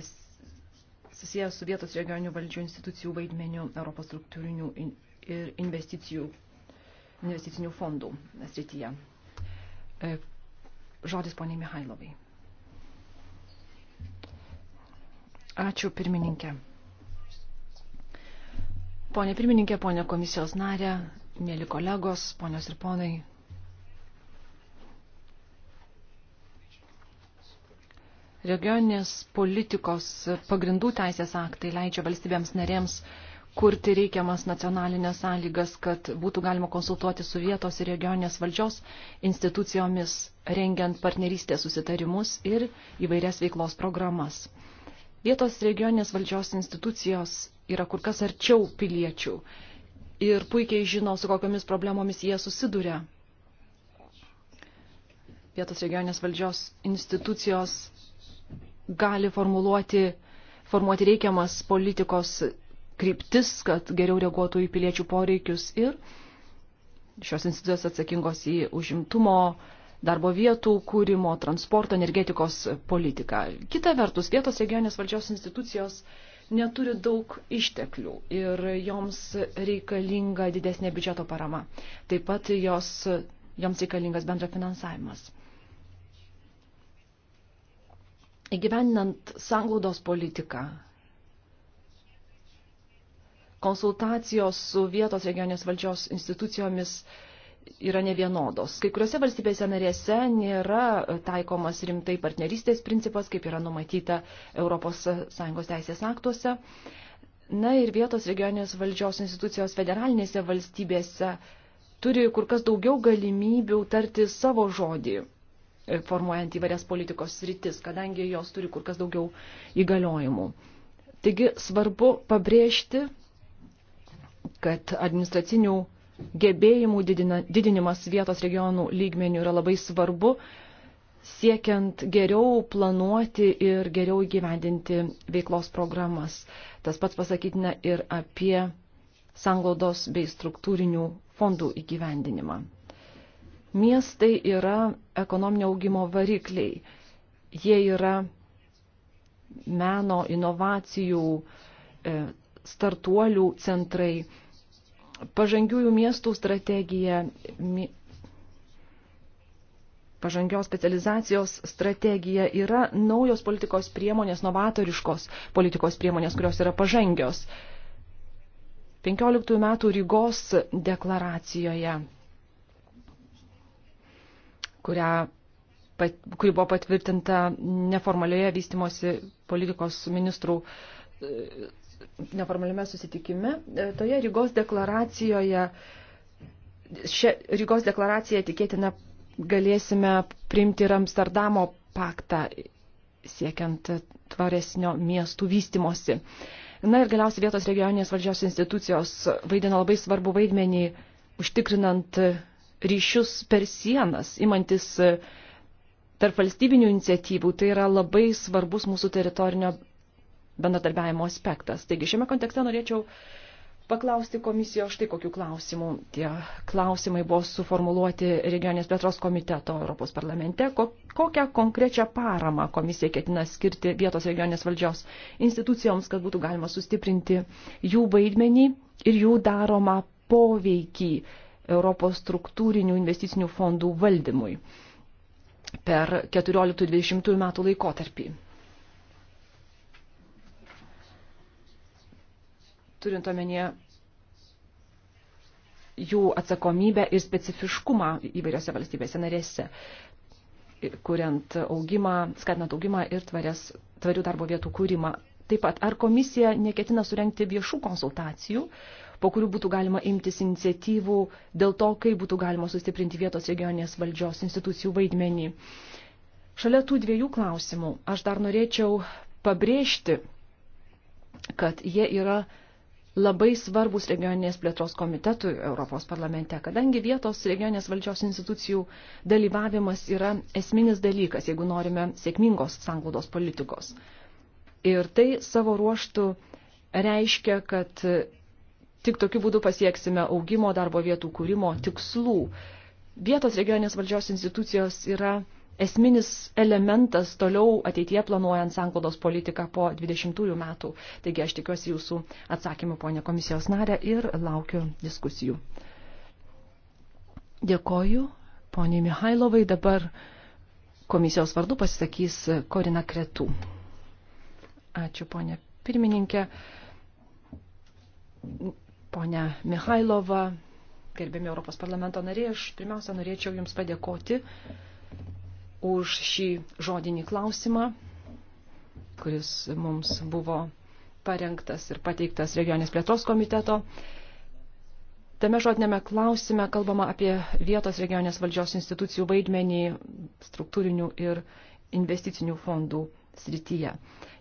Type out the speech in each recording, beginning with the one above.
susijęs su vietos regioninių valdžių institucijų vaidmeniu Europos struktūrinių ir investicijų, investicinių fondų srityje. E, žodis poniai Mihailovai. Ačiū pirmininkė. Pone pirmininkė, ponė komisijos narė, mėly kolegos, ponios ir ponai, Regioninės politikos pagrindų teisės aktai leidžia valstybėms narėms kurti reikiamas nacionalinės sąlygas, kad būtų galima konsultuoti su vietos ir regioninės valdžios institucijomis, rengiant partnerystės susitarimus ir įvairias veiklos programas. Vietos regioninės valdžios institucijos yra kur kas arčiau piliečių ir puikiai žino, su kokiamis problemomis jie susiduria. Vietos regioninės valdžios institucijos gali formuluoti, formuoti reikiamas politikos kryptis, kad geriau reaguotų į piliečių poreikius ir šios institucijos atsakingos į užimtumo, darbo vietų kūrimo, transporto, energetikos politiką. Kita vertus, vietos regionės valdžios institucijos neturi daug išteklių ir joms reikalinga didesnė biudžeto parama. Taip pat jos, joms reikalingas bendrafinansavimas. Įgyveninant sanglaudos politiką, konsultacijos su vietos regionės valdžios institucijomis yra nevienodos. Kai kuriuose valstybėse narėse nėra taikomas rimtai partnerystės principas, kaip yra numatyta ES teisės aktuose. Na ir vietos regionės valdžios institucijos federalinėse valstybėse turi kur kas daugiau galimybių tarti savo žodį formuojant įvairias politikos sritis, kadangi jos turi kur kas daugiau įgaliojimų. Taigi svarbu pabrėžti, kad administracinių gebėjimų didina, didinimas vietos regionų lygmenių yra labai svarbu, siekiant geriau planuoti ir geriau įgyvendinti veiklos programas. Tas pats pasakytina ir apie sanglaudos bei struktūrinių fondų įgyvendinimą. Miestai yra ekonominio augimo varikliai. Jie yra meno, inovacijų, e, startuolių centrai. Pažangiųjų miestų strategija, pažangios specializacijos strategija yra naujos politikos priemonės, novatoriškos politikos priemonės, kurios yra pažangios. 15 metų Rygos deklaracijoje kurią, kuri buvo patvirtinta neformalioje vystimosi politikos ministrų e, neformaliame susitikime. E, toje Rygos deklaracijoje, šią Rygos deklaraciją tikėtina galėsime priimti ir Amsterdamo paktą siekiant tvaresnio miestų vystimosi. Na ir galiausiai vietos regioninės valdžios institucijos vaidina labai svarbu vaidmenį užtikrinant ryšius per sienas, imantis e, tarp valstybinių iniciatyvų, tai yra labai svarbus mūsų teritorinio bendradarbiavimo aspektas. Taigi šiame kontekste norėčiau paklausti komisijos štai kokių klausimų. Tie klausimai buvo suformuluoti regionės plėtros komiteto Europos parlamente. Kokią konkrečią paramą komisija ketina skirti vietos regionės valdžios institucijoms, kad būtų galima sustiprinti jų vaidmenį ir jų daromą poveikį Europos struktūrinių investicinių fondų valdymui per 14-20 metų laikotarpį. Turint omenyje jų atsakomybę ir specifiškumą įvairiose valstybėse narėse, kuriant augimą, skatinant augimą ir tvarias, tvarių darbo vietų kūrimą. Taip pat, ar komisija neketina surenkti viešų konsultacijų, uh, po kurių būtų galima imtis iniciatyvų dėl to, kaip būtų galima sustiprinti vietos regioninės valdžios institucijų vaidmenį. Šalia tų dviejų klausimų aš dar norėčiau pabrėžti, kad jie yra labai svarbus regioninės plėtros komitetų Europos parlamente, kadangi vietos regioninės valdžios institucijų dalyvavimas yra esminis dalykas, jeigu norime sėkmingos sanglaudos politikos. Ir tai savo ruoštų reiškia, kad Tik tokiu būdu pasieksime augimo darbo vietų kūrimo tikslų. Vietos regioninės valdžios institucijos yra esminis elementas toliau ateityje planuojant sankodos politiką po 20 metų. Taigi aš tikiuosi jūsų atsakymų, ponė komisijos narė, ir laukiu diskusijų. Dėkoju, ponė Mihailovai. Dabar komisijos vardu pasisakys Korina Kretų. Ačiū, ponė pirmininkė ponia Mihailova, gerbėmi Europos parlamento nariai, aš pirmiausia norėčiau Jums padėkoti už šį žodinį klausimą, kuris mums buvo parengtas ir pateiktas regionės plėtros komiteto. Tame žodinėme klausime kalbama apie vietos regionės valdžios institucijų vaidmenį struktūrinių ir investicinių fondų srityje.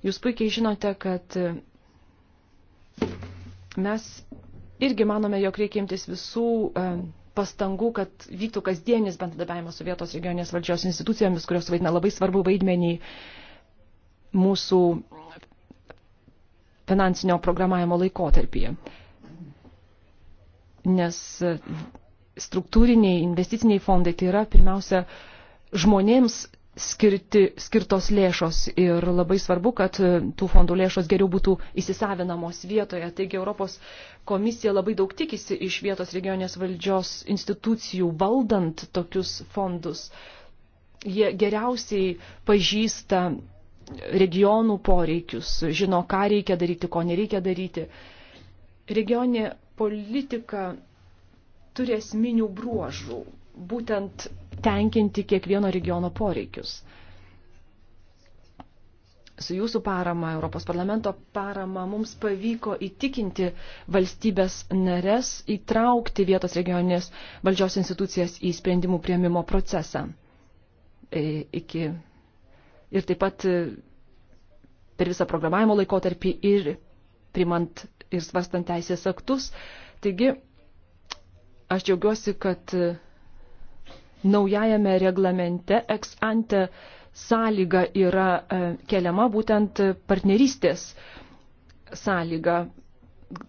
Jūs puikiai žinote, kad mes irgi manome, jog reikia imtis visų e, pastangų, kad vyktų kasdienis bendradarbiavimas su vietos regioninės valdžios institucijomis, kurios vaidina labai svarbu vaidmenį mūsų finansinio programavimo laikotarpyje. Nes struktūriniai investiciniai fondai tai yra pirmiausia žmonėms skirti, skirtos lėšos ir labai svarbu, kad e, tų fondų lėšos geriau būtų įsisavinamos vietoje. Taigi Europos komisija labai daug tikisi iš vietos regionės valdžios institucijų valdant tokius fondus. Jie geriausiai pažįsta regionų poreikius, žino, ką reikia daryti, ko nereikia daryti. Regioninė politika turi esminių bruožų būtent tenkinti kiekvieno regiono poreikius. Su jūsų parama, Europos parlamento parama, mums pavyko įtikinti valstybės nares įtraukti vietos regioninės valdžios institucijas į sprendimų prieimimo procesą. E, iki. Ir taip pat e, per visą programavimo laikotarpį ir primant ir svarstant teisės aktus. Taigi, aš džiaugiuosi, kad e, naujajame reglamente ex ante sąlyga yra e, keliama būtent partnerystės sąlyga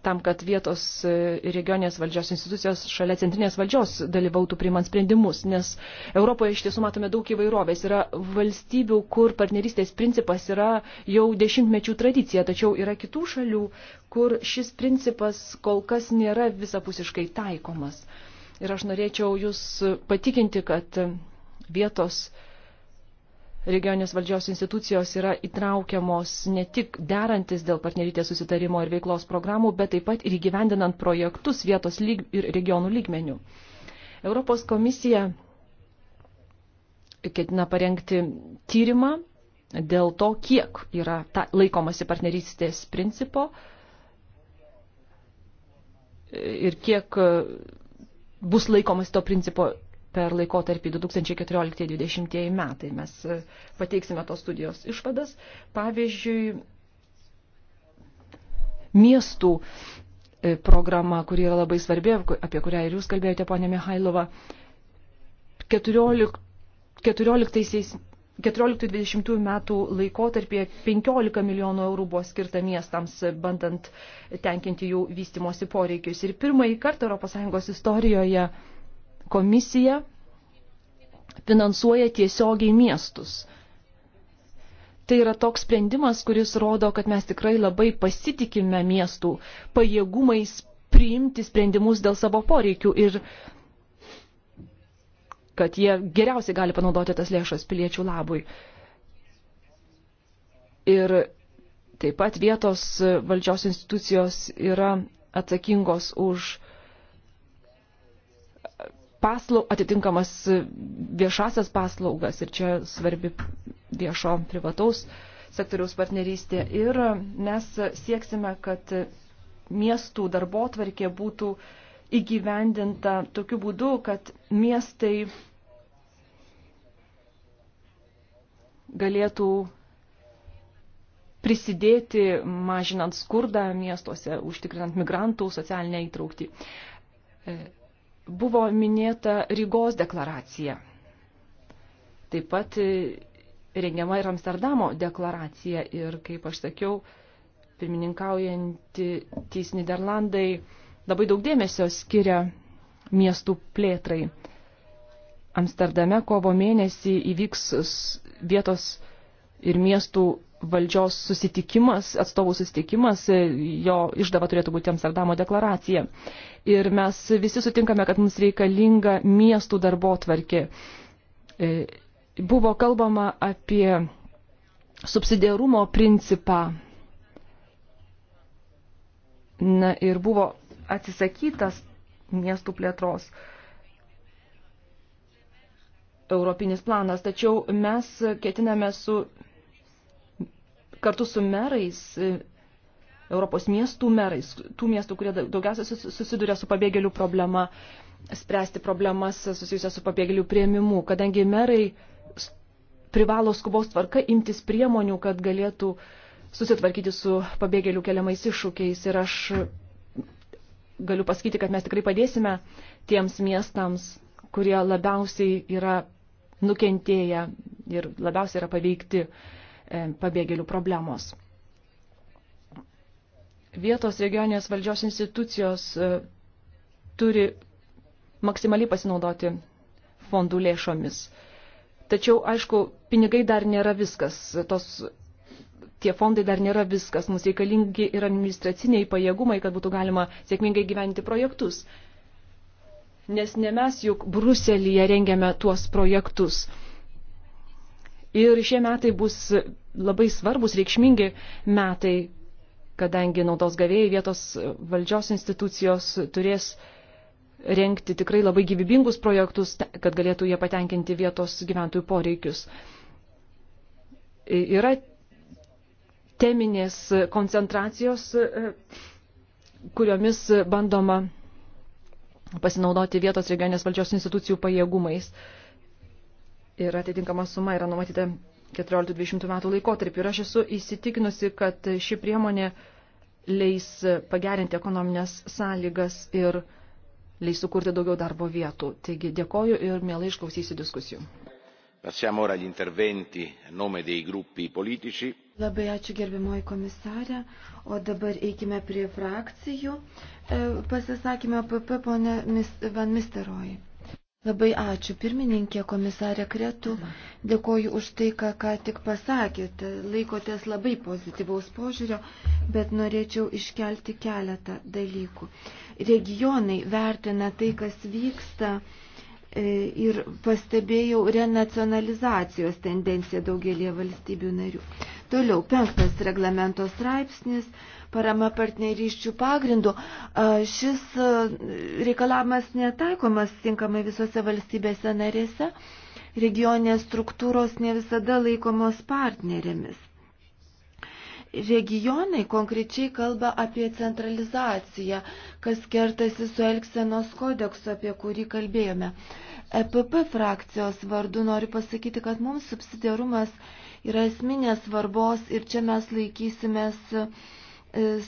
tam, kad vietos e, regionės valdžios institucijos šalia centrinės valdžios dalyvautų priimant sprendimus, nes Europoje iš tiesų matome daug įvairovės. Yra valstybių, kur partnerystės principas yra jau dešimtmečių tradicija, tačiau yra kitų šalių, kur šis principas kol kas nėra visapusiškai taikomas. Uh, Ir aš norėčiau jūs patikinti, kad vietos regioninės valdžios institucijos yra įtraukiamos ne tik derantis dėl partnerytės susitarimo ir veiklos programų, bet taip pat ir įgyvendinant projektus vietos lyg ir regionų lygmenių. Europos komisija ketina parengti tyrimą dėl to, kiek yra ta, laikomasi partnerystės principo ir kiek bus laikomas to principo per laikotarpį 2014-2020 metai. Mes e, pateiksime tos studijos išvadas. Pavyzdžiui, miestų e, programa, kuri yra labai svarbi, apie kurią ir jūs kalbėjote, ponė Mihailova, 14, 14 14-20 metų laikotarpėje 15 milijonų eurų buvo skirta miestams, bandant tenkinti jų vystimosi poreikius. Ir pirmąjį kartą ES istorijoje komisija finansuoja tiesiogiai miestus. Tai yra toks sprendimas, kuris rodo, kad mes tikrai labai pasitikime miestų pajėgumais priimti sprendimus dėl savo poreikių. Ir kad jie geriausiai gali panaudoti tas lėšas piliečių labui. Ir taip pat vietos valdžios institucijos yra atsakingos už paslau, atitinkamas viešasias paslaugas ir čia svarbi viešo privataus sektoriaus partnerystė. Ir mes sieksime, kad miestų darbotvarkė būtų uh, įgyvendinta tokiu būdu, kad miestai galėtų prisidėti, mažinant skurdą miestuose, užtikrinant migrantų socialinę įtraukti. E, buvo minėta Rygos deklaracija. Taip pat e, rengiama ir Amsterdamo deklaracija ir, kaip aš sakiau, pirmininkaujanti Tys Niderlandai labai daug dėmesio skiria miestų plėtrai. Amsterdame kovo mėnesį įvyks vietos ir miestų valdžios susitikimas, atstovų susitikimas, jo išdava turėtų būti Amsterdamo deklaracija. Ir mes visi sutinkame, kad mums reikalinga miestų darbo tvarkė. E, buvo kalbama apie subsidiarumo principą. Na ir buvo atsisakytas miestų plėtros europinis planas, tačiau mes ketiname su, kartu su merais, Europos miestų merais, tų miestų, kurie daugiausia susiduria su pabėgėlių problema, spręsti problemas susijusias su pabėgėlių prieimimu, kadangi merai privalo skubos tvarka imtis priemonių, kad galėtų susitvarkyti su pabėgėlių keliamais iššūkiais. Ir aš galiu pasakyti, kad mes tikrai padėsime tiems miestams, kurie labiausiai yra nukentėję ir labiausiai yra paveikti e, pabėgėlių problemos. Vietos regioninės valdžios institucijos e, turi maksimaliai pasinaudoti fondų lėšomis. Tačiau, aišku, pinigai dar nėra viskas. Tos tie fondai dar nėra viskas. Mums reikalingi ir administraciniai pajėgumai, kad būtų galima sėkmingai gyventi projektus. Nes ne mes juk Bruselyje rengiame tuos projektus. Ir šie metai bus labai svarbus, reikšmingi metai, kadangi naudos gavėjai vietos valdžios institucijos turės rengti tikrai labai gyvybingus projektus, kad galėtų jie patenkinti vietos gyventojų poreikius. Yra teminės koncentracijos, e, kuriomis bandoma pasinaudoti vietos regionės valdžios institucijų pajėgumais. Ir atitinkama suma yra numatyta 14-20 metų laikotarpį. Ir aš esu įsitikinusi, kad ši priemonė leis pagerinti ekonominės sąlygas ir leis sukurti daugiau darbo vietų. Taigi dėkoju ir mielai išklausysiu diskusijų. Passiamo ora agli interventi a nome dei gruppi politici. Labai ačiū gerbiamoji komisarė. O dabar eikime prie frakcijų. E, Pasisakime PP ponė Van Misteroj. Labai ačiū pirmininkė komisarė Kretu. Dėkoju už tai, ką, ką tik pasakėte. Laikotės labai pozityvaus požiūrio, bet norėčiau iškelti keletą dalykų. Regionai vertina tai, kas vyksta E, ir pastebėjau renacionalizacijos tendenciją daugelie valstybių narių. Toliau, penktas reglamento straipsnis, parama partnerysčių pagrindų. E, šis e, reikalavimas netaikomas tinkamai visose valstybėse narėse. Regioninės struktūros ne visada laikomos partnerėmis regionai konkrečiai kalba apie centralizaciją, kas kertasi su Elksenos kodeksu, apie kurį kalbėjome. EPP frakcijos vardu noriu pasakyti, kad mums subsidiarumas yra esminės svarbos ir čia mes laikysimės e,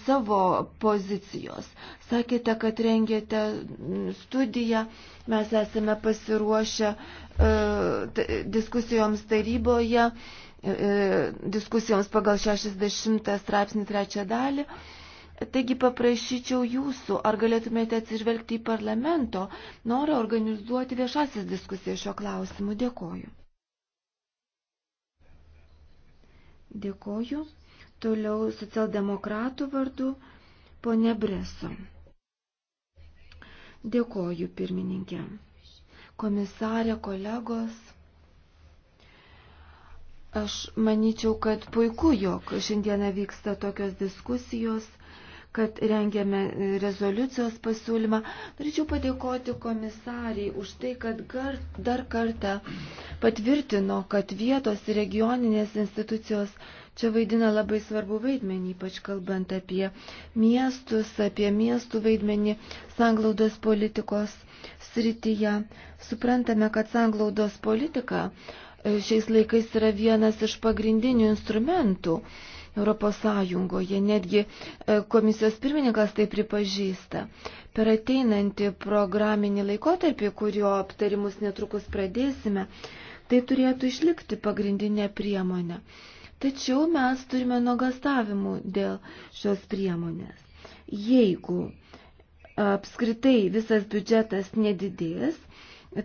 savo pozicijos. Sakėte, kad rengėte studiją, mes esame pasiruošę e, diskusijoms taryboje. Uh, E, e, diskusijoms pagal 60 straipsnį trečią dalį. Taigi paprašyčiau jūsų, ar galėtumėte atsižvelgti į parlamento norą organizuoti viešasis diskusijas šio klausimu. Dėkoju. Dėkoju. Toliau socialdemokratų vardu ponė Breso. Dėkoju, pirmininkė. Komisarė, kolegos. Aš manyčiau, kad puiku, jog šiandieną vyksta tokios diskusijos, kad rengiame rezoliucijos pasiūlymą. Norėčiau padėkoti komisariai už tai, kad gar, dar kartą patvirtino, kad vietos ir regioninės institucijos čia vaidina labai svarbu vaidmenį, ypač kalbant apie miestus, apie miestų vaidmenį sanglaudos politikos srityje. Suprantame, kad sanglaudos politika šiais laikais yra vienas iš pagrindinių instrumentų Europos Sąjungoje. Netgi e, komisijos pirmininkas tai pripažįsta. Per ateinantį programinį laikotarpį, kurio aptarimus netrukus pradėsime, tai turėtų išlikti pagrindinė priemonė. Tačiau mes turime nuogastavimų dėl šios priemonės. Jeigu e, apskritai visas biudžetas nedidės,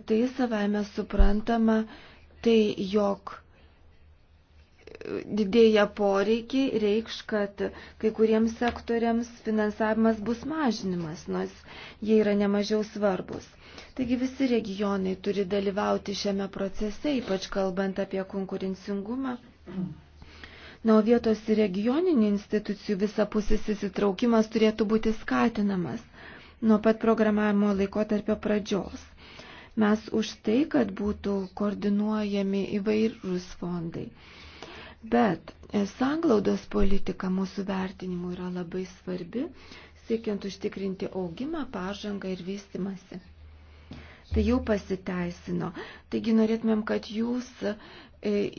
tai savame suprantama, tai, jog didėja poreikiai reikš, kad kai kuriems sektoriams finansavimas bus mažinimas, nors jie yra nemažiau svarbus. Taigi visi regionai turi dalyvauti šiame procese, ypač kalbant apie konkurencingumą. Na, o vietos ir regioninių institucijų visapusis įsitraukimas turėtų būti skatinamas nuo pat programavimo laikotarpio pradžios. Mes už tai, kad būtų koordinuojami įvairūs fondai. Bet e, sanglaudos politika mūsų vertinimu yra labai svarbi, siekiant užtikrinti augimą, pažangą ir vystimasi. Tai jau pasiteisino. Taigi norėtumėm, kad jūs e,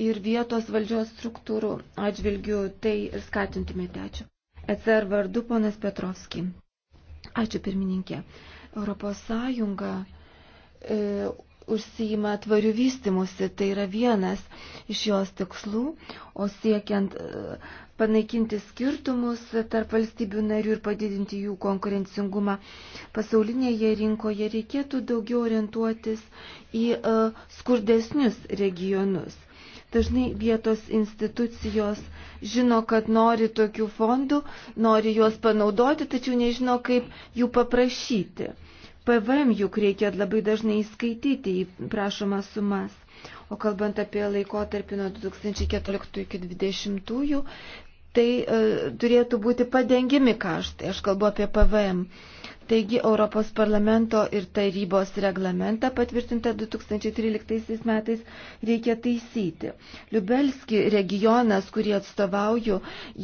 ir vietos valdžios struktūrų atžvilgių tai ir skatintumėte. Ačiū. ECR vardu ponas Petrovski. Ačiū pirmininkė. Europos Sąjunga e, užsijima tvarių vystimusi, tai yra vienas iš jos tikslų, o siekiant e, panaikinti skirtumus tarp valstybių narių ir padidinti jų konkurencingumą pasaulinėje rinkoje reikėtų daugiau orientuotis į e, skurdesnius regionus. Dažnai vietos institucijos žino, kad nori tokių fondų, nori juos panaudoti, tačiau nežino, kaip jų paprašyti. PVM juk reikia labai dažnai įskaityti į prašomas sumas. O kalbant apie laikotarpį nuo 2014 iki 2020, tai e, turėtų būti padengiami kaštai. Aš kalbu apie PVM. E, Taigi Europos parlamento ir tarybos reglamentą patvirtintą 2013 metais reikia taisyti. Liubelski regionas, kurį atstovauju,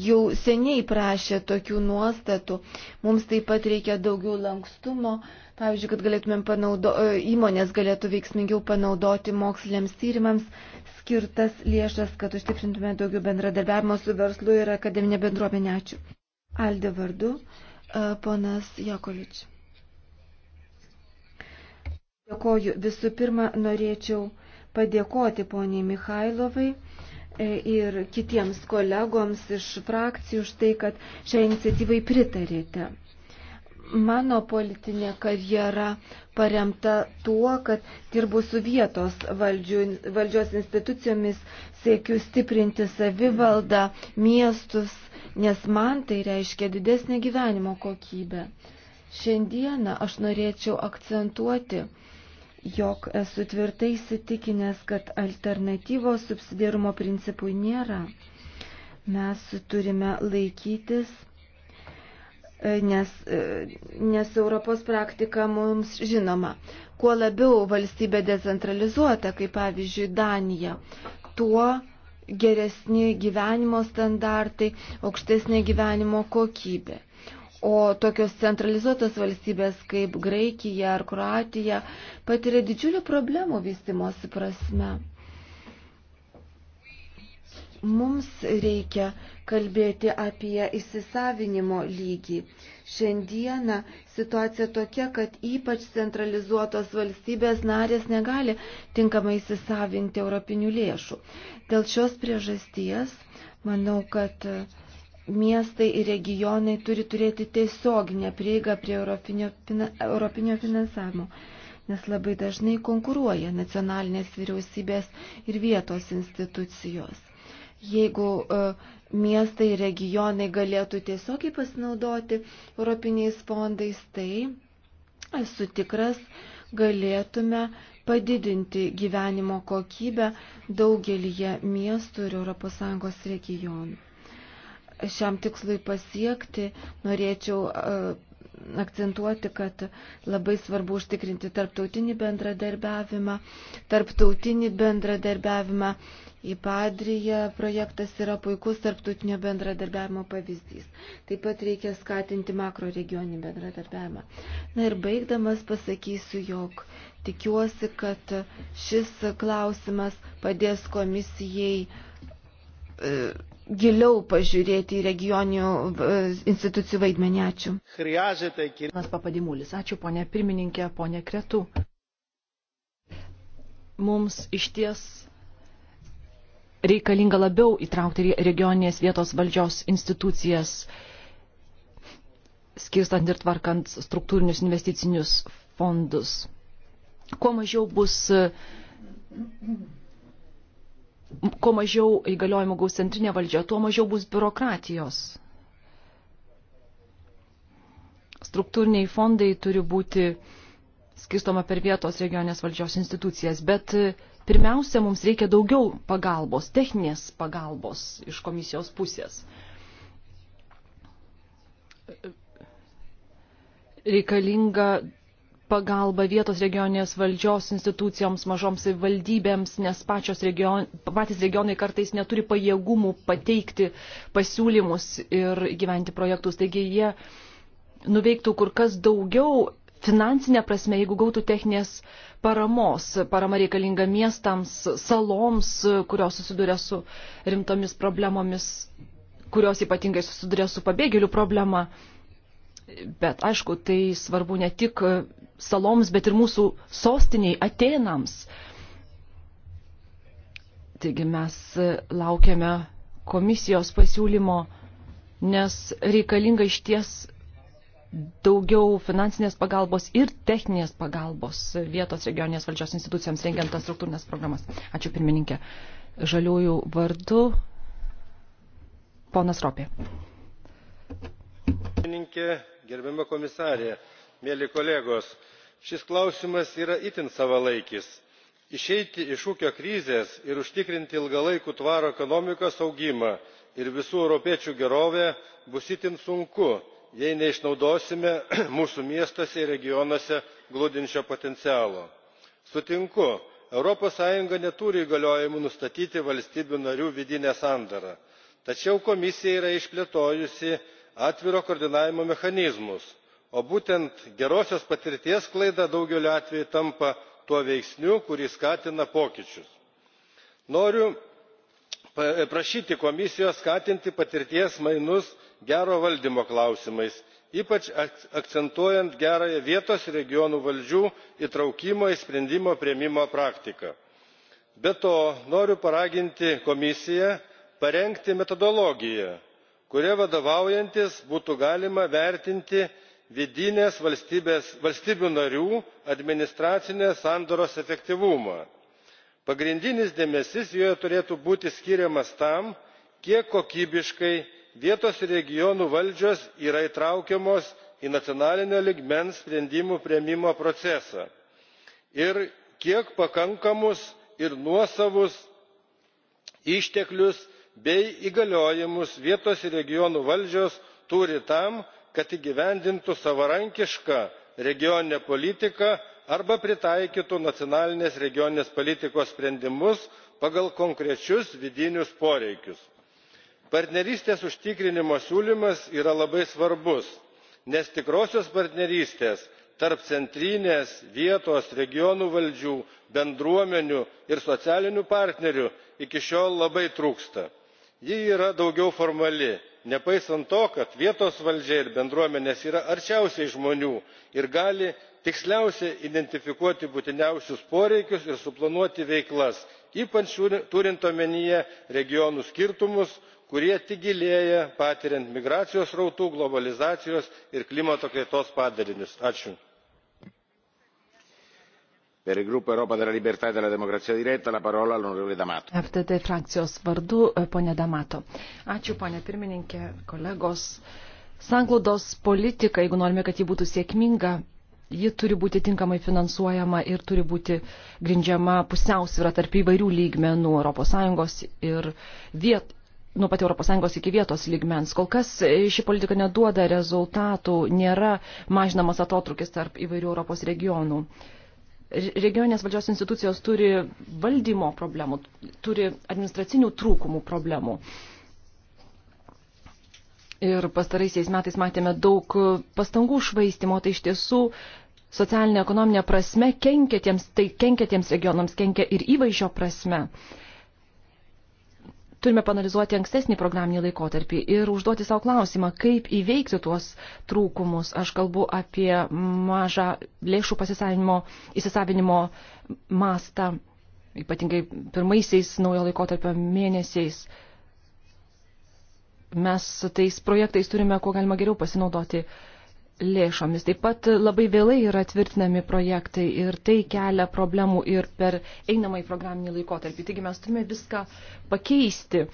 jau seniai prašė tokių nuostatų. Mums taip pat reikia daugiau lankstumo, pavyzdžiui, kad galėtumėm panaudo, e, įmonės galėtų veiksmingiau panaudoti moksliniams tyrimams skirtas lėšas, kad užtikrintume daugiau bendradarbiavimo su verslu ir akademinė bendruomenė. Ačiū. Alde vardu. E, ponas Jakovič. Dėkoju. Visų pirma, norėčiau padėkoti poniai Mihailovai e, ir kitiems kolegoms iš frakcijų už tai, kad šią iniciatyvai pritarėte. Mano politinė karjera paremta tuo, kad dirbu su vietos valdžių, valdžios institucijomis, siekiu stiprinti savivaldą, miestus nes man tai reiškia didesnį gyvenimo kokybę. Šiandieną aš norėčiau akcentuoti, jog esu tvirtai įsitikinęs, kad alternatyvos subsidiarumo principui nėra. Mes turime laikytis, e, nes, e, nes Europos praktika mums žinoma. Kuo labiau valstybė decentralizuota, kaip pavyzdžiui Danija, tuo geresni gyvenimo standartai, aukštesnė gyvenimo kokybė. O tokios centralizuotos valstybės kaip Graikija ar Kroatija patiria didžiulių problemų vystimosi prasme. Mums reikia kalbėti apie įsisavinimo lygį. Šiandieną situacija tokia, kad ypač centralizuotos valstybės narės negali tinkamai įsisavinti europinių lėšų. Dėl šios priežasties manau, kad e, miestai ir regionai turi turėti tiesioginę prieigą prie europinio, europinio finansavimo nes labai dažnai konkuruoja nacionalinės vyriausybės ir vietos institucijos. Jeigu uh, miestai ir regionai galėtų tiesiogiai pasinaudoti europiniais fondais, tai esu tikras, galėtume padidinti gyvenimo kokybę daugelįje miestų ir ES regionų. Šiam tikslui pasiekti norėčiau e, akcentuoti, kad labai svarbu užtikrinti tarptautinį bendradarbiavimą, tarptautinį bendradarbiavimą į Padriją projektas yra puikus tarptautinio bendradarbiavimo pavyzdys. Taip pat reikia skatinti makro regioninį bendradarbiavimą. Na ir baigdamas pasakysiu, jog tikiuosi, kad šis klausimas padės komisijai e, giliau pažiūrėti į regioninių e, institucijų vaidmenį. Ačiū. Mes papadimulis. Ačiū, ponė pirmininkė, ponė Kretų. Mums iš ties reikalinga labiau įtraukti regioninės vietos valdžios institucijas, skirstant ir tvarkant struktūrinius investicinius fondus. Kuo mažiau bus, kuo mažiau įgaliojimų gaus centrinė valdžia, tuo mažiau bus biurokratijos. Struktūriniai fondai turi būti skirstoma per vietos regionės valdžios institucijas, bet pirmiausia, mums reikia daugiau pagalbos, techninės pagalbos iš komisijos pusės. Reikalinga pagalba vietos regioninės valdžios institucijoms, mažoms valdybėms, nes region, patys regionai kartais neturi pajėgumų pateikti pasiūlymus ir gyventi projektus. Taigi jie nuveiktų kur kas daugiau finansinė prasme, jeigu gautų techninės paramos, parama reikalinga miestams, saloms, kurios susiduria su rimtomis problemomis, kurios ypatingai susiduria su pabėgėlių problema. Bet aišku, tai svarbu ne tik saloms, bet ir mūsų sostiniai Atenams. Taigi mes laukiame komisijos pasiūlymo, nes reikalinga iš ties daugiau finansinės pagalbos ir techninės pagalbos vietos regioninės valdžios institucijams rengiant tas struktūrinės programas. Ačiū pirmininkė. Žaliųjų vardu ponas Ropė. Pirmininkė, gerbiama komisarė, mėly kolegos, šis klausimas yra itin savalaikis. Išeiti iš ūkio krizės ir užtikrinti ilgalaikų tvarų ekonomikos augimą ir visų europiečių gerovę bus itin sunku jei neišnaudosime mūsų miestuose ir regionuose glūdinčio potencialo. sutinku europos sąjunga neturi įgaliojimų nustatyti valstybių narių vidinę sandarą tačiau komisija yra išplėtojusi atviro koordinavimo mechanizmus o būtent gerosios patirties sklaida daugeliu atvejų tampa tuo veiksniu kuris skatina pokyčius. noriu prašyti komisijos skatinti patirties mainus gero valdymo klausimais ypač akcentuojant gerąją vietos ir regionų valdžių įtraukimo į sprendimų priėmimą praktiką. be to noriu paraginti komisiją parengti metodologiją kuria vadovaujantis būtų galima vertinti vidinės valstybių narių administracinės sandaros efektyvumą. pagrindinis dėmesys joje turėtų būti skiriamas tam kiek kokybiškai vietos ir regionų valdžios yra įtraukiamos į nacionalinio lygmens sprendimų priėmimo procesą ir kiek pakankamus ir nuosavus išteklius bei įgaliojimus vietos ir regionų valdžios turi tam kad įgyvendintų savarankišką regioninę politiką arba pritaikytų nacionalinės regioninės politikos sprendimus pagal konkrečius vidinius poreikius partnerystės užtikrinimo siūlymas yra labai svarbus nes tikrosios partnerystės tarp centrinės vietos regionų valdžių bendruomenių ir socialinių partnerių iki šiol labai trūksta. ji yra daugiau formali nepaisant to kad vietos valdžia ir bendruomenės yra arčiausiai žmonių ir gali tiksliausiai identifikuoti būtiniausius poreikius ir suplanuoti veiklas ypač turint omenyje regionų skirtumus kurie tik gilėja patiriant migracijos srautų globalizacijos ir klimato kaitos padarinius. E fdd frakcijos vardu eh, ponia d'amato. ačiū pone pirmininke kolegos. sanglaudos politika jeigu norime kad ji būtų sėkminga Ji turi būti tinkamai finansuojama ir turi būti grindžiama pusiausvyrą tarp įvairių lygmenų ES ir viet, nuo pat ES iki vietos lygmens. Kol kas e, ši politika neduoda rezultatų, nėra mažinamas atotrukis tarp įvairių Europos regionų regioninės valdžios institucijos turi valdymo problemų, turi administracinių trūkumų problemų. Ir pastaraisiais metais matėme daug pastangų švaistimo, tai iš tiesų socialinė ekonominė prasme kenkia tiems, tai kenkia tiems regionams, kenkia ir įvaizdžio prasme. Turime panalizuoti ankstesnį programinį laikotarpį ir užduoti savo klausimą, kaip įveikti tuos trūkumus. Aš kalbu apie mažą lėšų pasisavinimo, įsisavinimo mastą, ypatingai pirmaisiais naujo laikotarpio mėnesiais mes tais projektais turime kuo galima geriau pasinaudoti lėšomis. Taip pat labai vėlai yra tvirtinami projektai ir tai kelia problemų ir per einamąjį programinį laikotarpį. Taigi mes turime viską pakeisti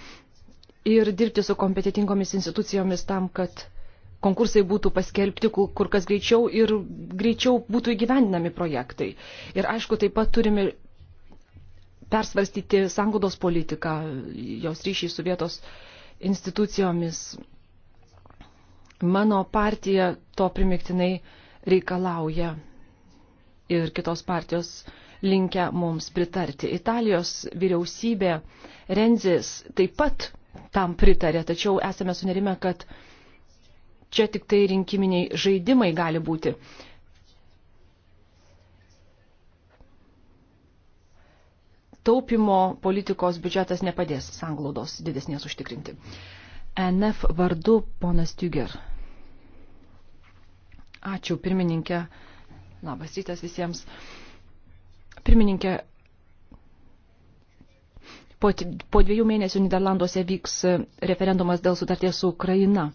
ir dirbti su kompetitingomis institucijomis tam, kad konkursai būtų paskelbti kur kas greičiau ir greičiau būtų įgyvendinami projektai. Ir aišku, taip pat turime persvarstyti sangudos politiką, jos ryšį su vietos uh, institucijomis. Mano partija to primiktinai reikalauja ir kitos partijos linkia mums pritarti. Italijos vyriausybė Renzis taip pat tam pritarė, tačiau esame sunerime, kad čia tik tai rinkiminiai žaidimai gali būti taupimo politikos biudžetas nepadės sanglaudos didesnės užtikrinti. NF vardu ponas Tiger. Ačiū, pirmininkė. Labas rytas visiems. Pirmininkė, po, po dviejų mėnesių Niderlanduose vyks referendumas dėl sutarties su Ukraina.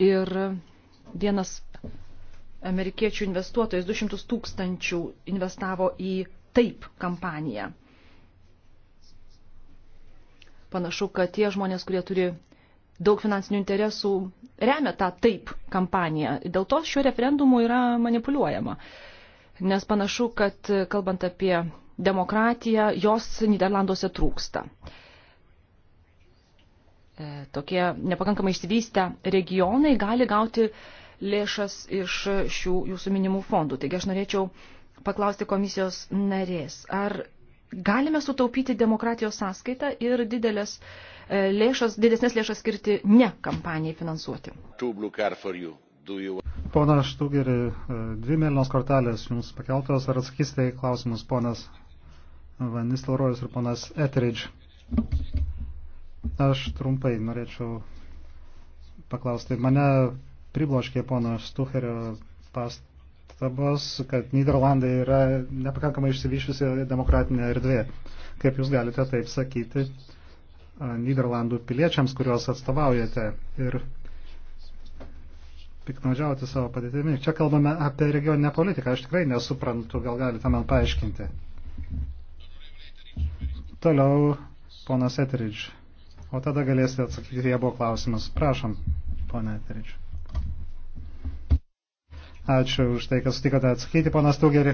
Ir vienas amerikiečių investuotojas 200 tūkstančių investavo į taip kampaniją. Panašu, kad tie žmonės, kurie turi daug finansinių interesų, remia tą taip kampaniją. Dėl to šiuo referendumu yra manipuliuojama. Nes panašu, kad kalbant apie demokratiją, jos Niderlanduose trūksta. E, tokie nepakankamai išsivystę regionai gali gauti lėšas iš šių jūsų minimų fondų. Taigi aš norėčiau paklausti komisijos narės, ar galime sutaupyti demokratijos sąskaitą ir didelės e, lėšas, didesnės lėšas skirti ne kampanijai finansuoti. Pona Štugeri, e, dvi mėlynos kortelės jums pakeltos, ar atsakysite į klausimus ponas Vanis Laurojus ir ponas Eteridž. Aš trumpai norėčiau paklausti. Mane pribloškė pono Stucherio past, pastabos, kad Niderlandai yra nepakankamai išsivyšusi demokratinė erdvė. Kaip jūs galite taip sakyti Niderlandų piliečiams, kuriuos atstovaujate ir piknaudžiauti savo padėtimi? Čia kalbame apie regioninę politiką. Aš tikrai nesuprantu, gal galite man paaiškinti. Toliau ponas Eteridž. O tada galėsite atsakyti, jie buvo klausimas. Prašom, ponė Eteridž. Ačiū už tai, kad sutikote atsakyti, ponas Tugeri.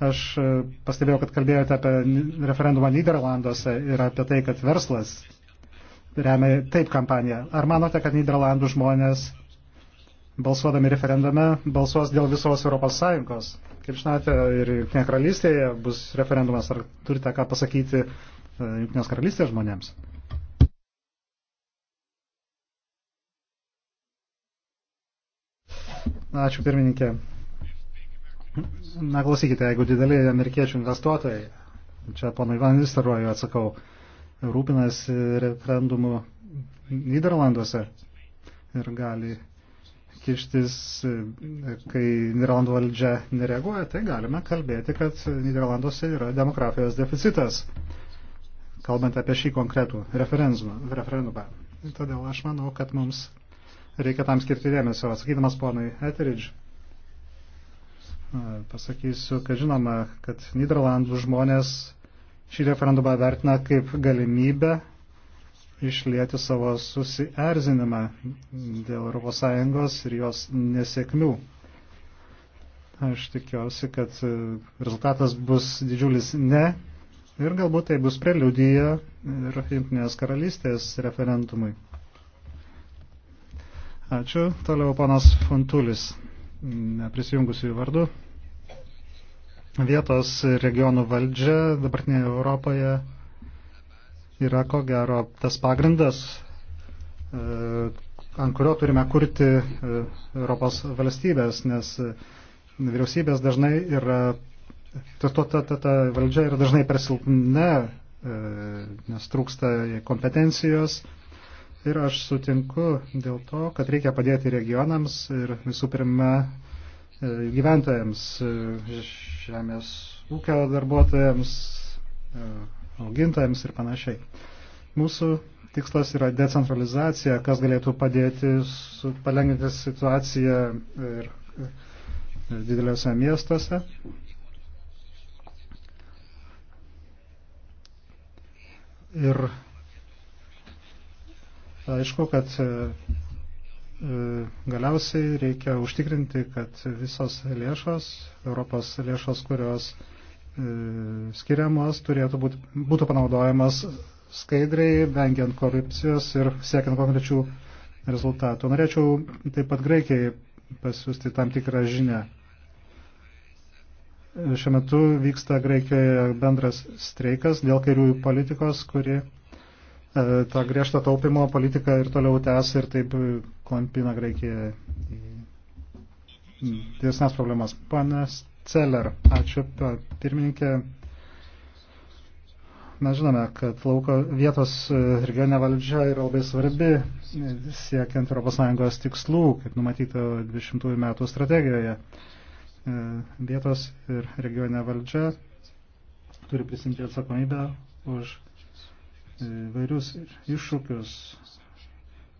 Aš e, pastebėjau, kad kalbėjote apie referendumą Niderlanduose ir apie tai, kad verslas remia taip kampaniją. Ar manote, kad Niderlandų žmonės balsuodami referendume balsuos dėl visos Europos Sąjungos? Kaip žinote, ir Junktinė karalystėje bus referendumas. Ar turite ką pasakyti e, Junktinės karalystės žmonėms? Ačiū pirmininkė. Na klausykite, jeigu dideli amerikiečių investuotojai, čia ponui Van Nistelrooju atsakau, rūpinasi referendumu Niderlanduose ir gali kištis, kai Niderlandų valdžia nereaguoja, tai galime kalbėti, kad Niderlanduose yra demografijos deficitas, kalbant apie šį konkretų referendumą. Todėl aš manau, kad mums reikia tam skirti dėmesio. Atsakydamas ponui Eteridž, pasakysiu, kad žinoma, kad Niderlandų žmonės šį referendumą vertina kaip galimybę išlėti savo susierzinimą dėl ES ir jos nesėkmių. Aš tikiuosi, kad rezultatas bus didžiulis ne ir galbūt tai bus preliudija ir Junktinės karalystės referendumui. Ačiū. Toliau panas Fontulis, neprisijungusių vardu. Vietos regionų valdžia dabartinėje Europoje yra ko gero tas pagrindas, e, ant kurio turime kurti e, Europos valstybės, nes e, vyriausybės dažnai yra, ta, ta, ta, ta valdžia yra dažnai persilpne, nes trūksta kompetencijos, Ir aš sutinku dėl to, kad reikia padėti regionams ir visų pirma e, gyventojams, e, žemės ūkio darbuotojams, e, augintojams ir panašiai. Mūsų tikslas yra decentralizacija, kas galėtų padėti su, palengvinti situaciją ir dideliuose miestuose. Ir Aišku, kad e, e, galiausiai reikia užtikrinti, kad visos lėšos, Europos lėšos, kurios e, skiriamos, turėtų būti, būtų panaudojamas skaidriai, vengiant korupcijos ir siekiant konkrečių rezultatų. Norėčiau taip pat Graikijai pasiūsti tam tikrą žinę. Šiuo metu vyksta Graikijoje bendras streikas dėl kairiųjų politikos, kuri E, tą griežtą taupimo politiką ir toliau tęs ir taip e, klampina Graikiją į didesnės problemas. Panas Celler, ačiū pirmininkė. Mes žinome, kad lauko vietos e, regioninė valdžia yra labai svarbi siekiant ES tikslų, kaip numatyta 20 metų strategijoje. Vietos ir regioninė valdžia turi prisimti atsakomybę už įvairius iššūkius,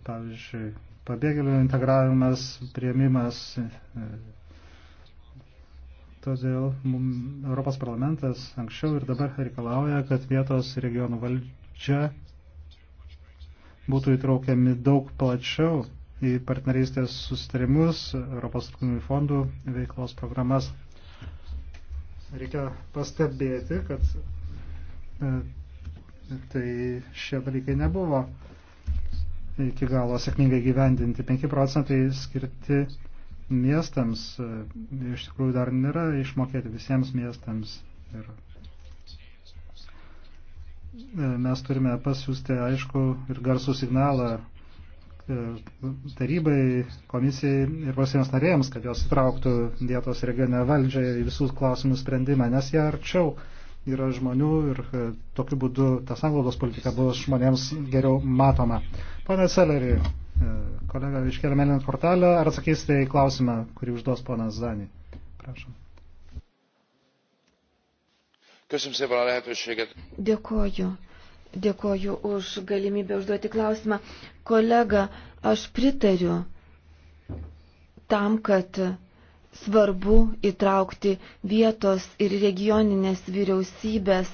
pavyzdžiui, pabėgėlių integravimas, prieimimas. E, todėl Europos parlamentas anksčiau ir dabar reikalauja, kad vietos regionų valdžia būtų įtraukiami daug plačiau į partnerystės sustarimus, Europos struktūrinių fondų veiklos programas. Reikia pastebėti, kad e, tai šie dalykai nebuvo iki galo sėkmingai gyvendinti. 5 procentai skirti miestams e, iš tikrųjų dar nėra išmokėti visiems miestams. Ir e, mes turime pasiūsti aišku ir garsų signalą e, tarybai, komisijai ir valstybėms narėjams, kad jos įtrauktų vietos regione valdžią į visus klausimus sprendimą, nes jie arčiau yra žmonių ir e, tokiu būdu ta sanglaudos politika bus žmonėms geriau matoma. Pane Celerį, e, kolega iškėlė mėlyną kortelę, ar atsakysite į klausimą, kurį užduos ponas Zanį? Prašom. Dėkoju. Dėkoju už galimybę užduoti klausimą. Kolega, aš pritariu tam, kad svarbu įtraukti vietos ir regioninės vyriausybės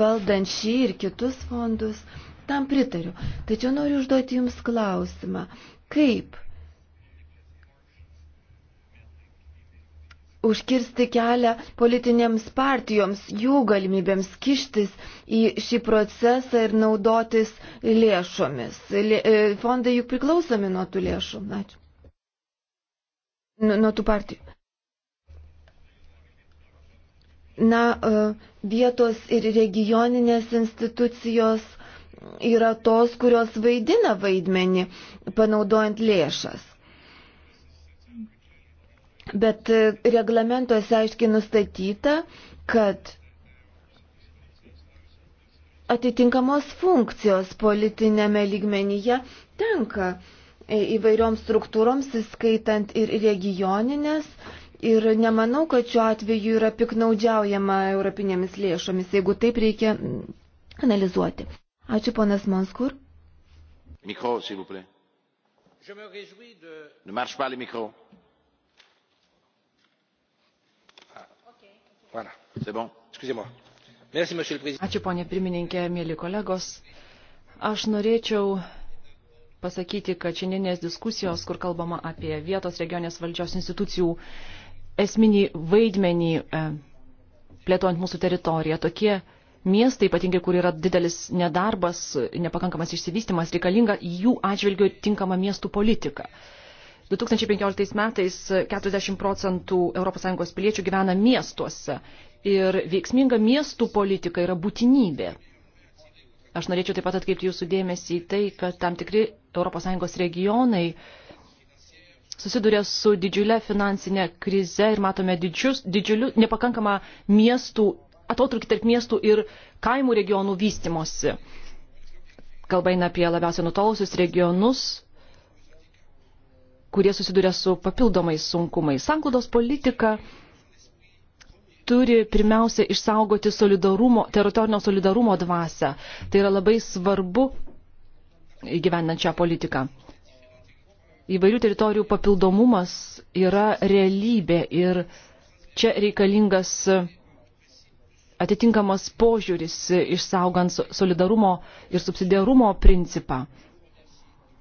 valdant šį ir kitus fondus. Tam pritariu. Tačiau noriu užduoti Jums klausimą. Kaip užkirsti kelią politinėms partijoms, jų galimybėms kištis į šį procesą ir naudotis lėšomis. Lė, e, fondai juk priklausomi nuo tų lėšų. Ačiū. Nu, nuo tų partijų. Na, e, vietos ir regioninės institucijos yra tos, kurios vaidina vaidmenį, panaudojant lėšas. Bet e, reglamentuose aiškiai nustatyta, kad atitinkamos funkcijos politinėme lygmenyje tenka e, įvairioms struktūroms, įskaitant ir regioninės, Ir nemanau, kad šiuo atveju yra piknaudžiaujama europinėmis lėšomis, jeigu taip reikia analizuoti. Ačiū, ponas Manskur. Mikro, s'il vous plaît. Ne marche pas le micro. Ah. Voilà. C'est bon. Excusez-moi. Merci, monsieur le président. Ačiū, ponė pirmininkė, mėly kolegos. Aš norėčiau pasakyti, kad šiandieninės diskusijos, kur kalbama apie vietos regionės valdžios institucijų esminį vaidmenį e, plėtojant mūsų teritoriją. Tokie miestai, ypatingai kur yra didelis nedarbas, nepakankamas išsivystimas, reikalinga jų atžvilgių tinkama miestų politika. 2015 metais 40 procentų ES piliečių gyvena miestuose ir veiksminga miestų politika yra būtinybė. Aš norėčiau taip pat atkreipti jūsų dėmesį į tai, kad tam tikri ES regionai uh, susiduria su didžiulė finansinė krize ir matome didžius, didžiulių, nepakankamą miestų, atotrukį tarp miestų ir kaimų regionų vystimosi. Kalba eina apie labiausiai nutolusius regionus, kurie susiduria su papildomais sunkumais. Sanklaudos politika turi pirmiausia išsaugoti solidarumo, teritorinio solidarumo dvasę. Tai yra labai svarbu įgyvendant šią politiką įvairių teritorijų papildomumas yra realybė ir čia reikalingas atitinkamas požiūris išsaugant solidarumo ir subsidiarumo principą.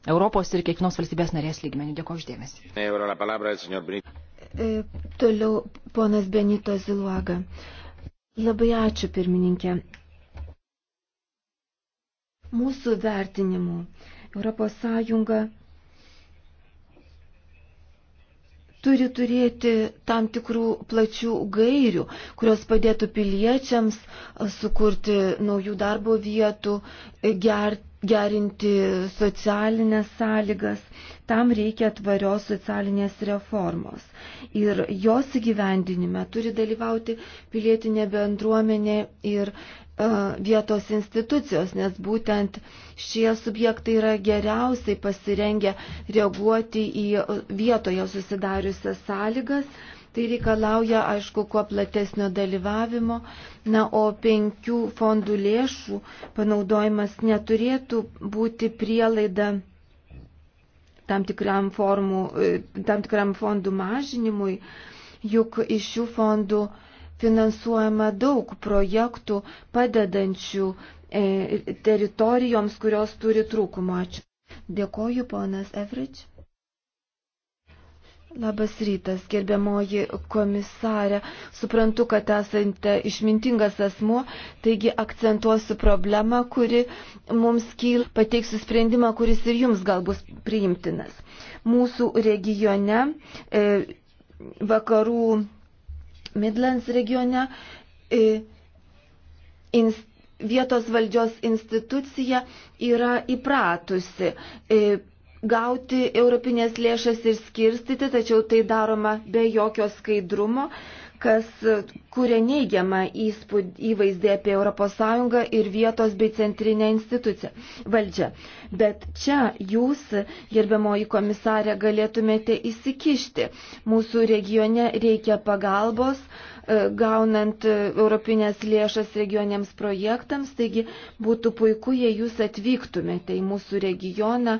Europos ir kiekvienos valstybės narės lygmenių. Dėkuoju uždėmesi. E, toliau ponas Benito Ziluaga. Labai ačiū pirmininkė. Mūsų vertinimu Europos Sąjunga turi turėti tam tikrų plačių gairių, kurios padėtų piliečiams sukurti naujų darbo vietų, e, ger, gerinti socialinės sąlygas. Tam reikia tvarios socialinės reformos. Ir jos įgyvendinime turi dalyvauti pilietinė bendruomenė ir vietos institucijos, nes būtent šie subjektai yra geriausiai pasirengę reaguoti į vietoje susidariusias sąlygas. Tai reikalauja, aišku, kuo platesnio dalyvavimo, na, o penkių fondų lėšų panaudojimas neturėtų būti prielaida tam tikram, formų, e, tam tikram fondų mažinimui, juk iš šių fondų uh, finansuojama daug projektų padedančių e, teritorijoms, kurios turi trūkumą. Ačiū. Dėkoju, ponas Evrič. Labas rytas, gerbiamoji komisarė. Suprantu, kad esate išmintingas asmuo, taigi akcentuosiu problemą, kuri mums kyl, pateiksiu sprendimą, kuris ir jums gal bus priimtinas. Mūsų regione e, vakarų Midlands regione. Inst vietos valdžios institucija yra įpratusi gauti europinės lėšas ir skirstyti, tačiau tai daroma be jokio skaidrumo kas e, kuria neigiamą įvaizdį apie ES ir vietos bei centrinę instituciją valdžią. Bet čia jūs, gerbiamoji komisarė, galėtumėte įsikišti. Mūsų regione reikia pagalbos, e, gaunant e, europinės lėšas regioniams projektams, taigi būtų puiku, jei jūs atvyktumėte į mūsų regioną.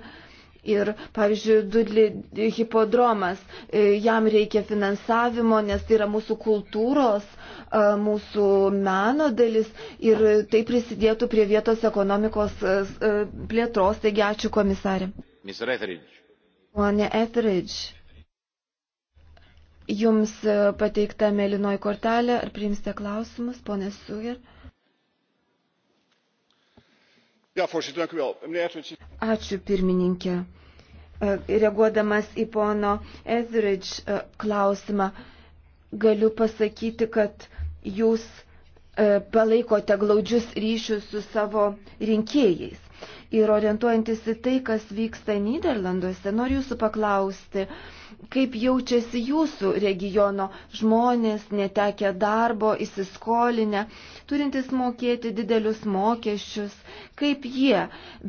Ir, pavyzdžiui, Dudli hipodromas, e, jam reikia finansavimo, nes tai yra mūsų kultūros, e, mūsų meno dalis ir tai prisidėtų prie vietos ekonomikos e, plėtros. Taigi ačiū komisarė. Pone Etheridge. Jums pateikta melinoji kortelė. Ar priimsite klausimus, ponė Suger? Ačiū pirmininkė. E, reaguodamas į pono Etheridge e, klausimą, galiu pasakyti, kad jūs e, palaikote glaudžius ryšius su savo rinkėjais. Ir orientuojantis į tai, kas vyksta Niderlanduose, noriu jūsų paklausti, kaip jaučiasi jūsų regiono žmonės, netekę darbo, įsiskolinę, turintys mokėti didelius mokesčius, kaip jie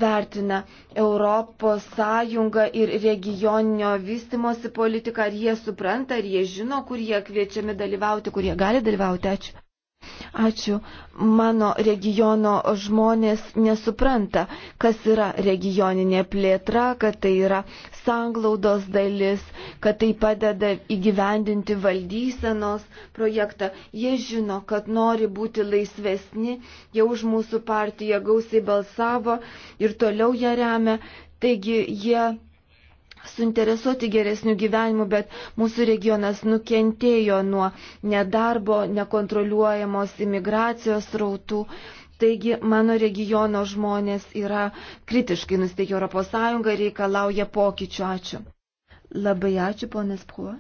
vertina Europos Sąjungą ir regioninio vystimosi politiką, ar jie supranta, ar jie žino, kur jie kviečiami dalyvauti, kur jie gali dalyvauti. Ačiū. Ačiū. Mano regiono žmonės nesupranta, kas yra regioninė plėtra, kad tai yra sanglaudos dalis, kad tai padeda įgyvendinti valdysenos projektą. Jie žino, kad nori būti laisvesni, jau už mūsų partiją gausiai balsavo ir toliau ją remia. Taigi jie suinteresuoti geresnių gyvenimų, bet mūsų regionas nukentėjo nuo nedarbo, nekontroliuojamos imigracijos rautų. Taigi mano regiono žmonės yra kritiškai nusteikę ES ir reikalauja pokyčių. Ačiū. Labai ačiū, ponas Puo.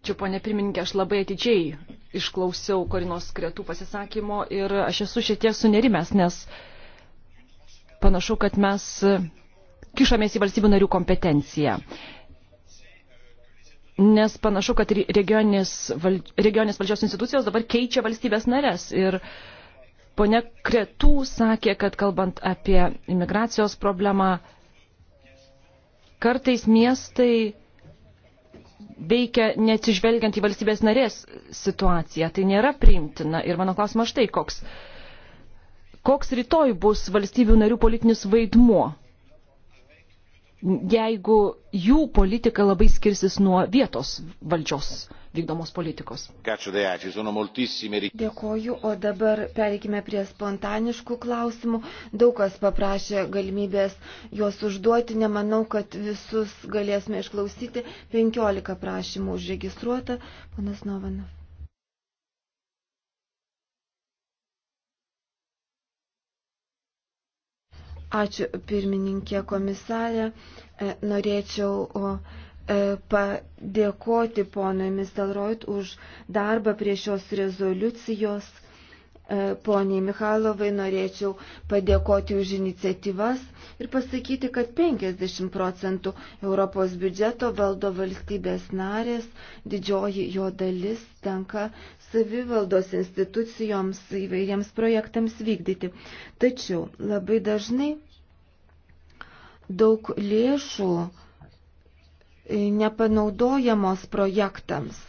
Ačiū, ponė pirmininkė, aš labai atidžiai išklausiau Korinos Kretų pasisakymo ir aš esu šiek tiek sunerimęs, nes panašu, kad mes e, kišamės į valstybių narių kompetenciją. Nes panašu, kad regioninės, val, regioninės valdžios institucijos dabar keičia valstybės narės. Ir ponia Kretų sakė, kad kalbant apie imigracijos problemą, kartais miestai veikia neatsižvelgiant į valstybės narės situaciją. Tai nėra priimtina. Ir mano klausimas štai koks. Uh, koks rytoj bus valstybių narių politinis vaidmuo, jeigu jų politika labai skirsis nuo vietos valdžios vykdomos politikos. Dėkoju, o dabar pereikime prie spontaniškų klausimų. Daug kas paprašė galimybės juos užduoti, nemanau, kad visus galėsime išklausyti. 15 prašymų užregistruota. Panas Novanov. Ačiū pirmininkė komisarė. E, norėčiau e, padėkoti ponui Mistelroit už darbą prie šios rezoliucijos. E, poniai Mihalovai norėčiau padėkoti už iniciatyvas ir pasakyti, kad 50 procentų Europos biudžeto valdo valstybės narės, didžioji jo dalis tenka savivaldos institucijoms įvairiems projektams vykdyti. Tačiau labai dažnai daug lėšų e, nepanaudojamos projektams.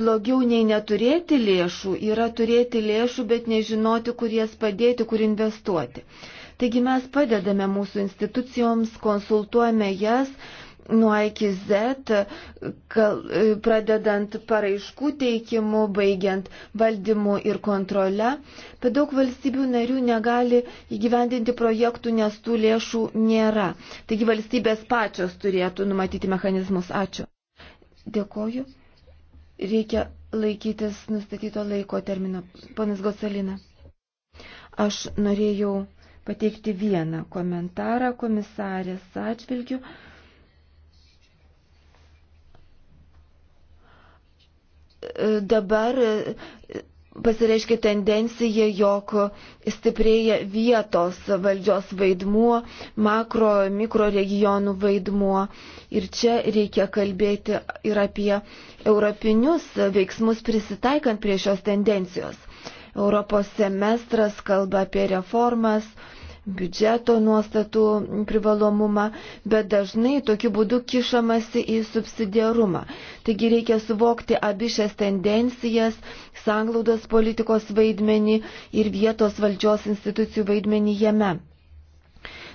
blogiau nei neturėti lėšų yra turėti lėšų, bet nežinoti, kur jas padėti, kur investuoti. Taigi mes padedame mūsų institucijoms, konsultuojame jas nuo iki Z, kal, pradedant paraiškų teikimu, baigiant valdymu ir kontrole, bet daug valstybių narių negali įgyvendinti projektų, nes tų lėšų nėra. Taigi valstybės pačios turėtų numatyti mechanizmus. Ačiū. Dėkoju. Reikia laikytis nustatyto laiko termino. Ponas Gosalina. Aš norėjau pateikti vieną komentarą komisarės atžvilgių. Dabar pasireiškia tendencija, jog stiprėja vietos valdžios vaidmuo, makro, mikro regionų vaidmuo. Ir čia reikia kalbėti ir apie europinius veiksmus prisitaikant prie šios tendencijos. Europos semestras kalba apie reformas, biudžeto nuostatų privalomumą, bet dažnai tokiu būdu kišamasi į subsidiarumą. Taigi reikia suvokti abi šias tendencijas, sanglaudos politikos vaidmenį ir vietos valdžios institucijų vaidmenį jame.